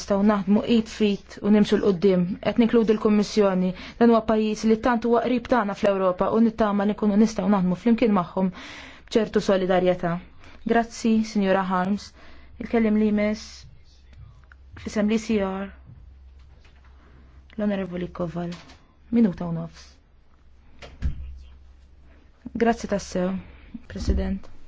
nistgħu naħdmu id fit u nimxu l qoddim qed ninkludi l-Kummissjoni dan huwa pajjiż li tant huwa qrib tagħna fl-Ewropa u nittama li nkunu nistgħu naħdmu flimkien magħhom b'ċertu solidarjetà. Grazzi, Sinjora Harms. Il-kellim li mes fisem li CR l-Onorevoli Koval. Minuta u nofs. Grazzi tassew, President.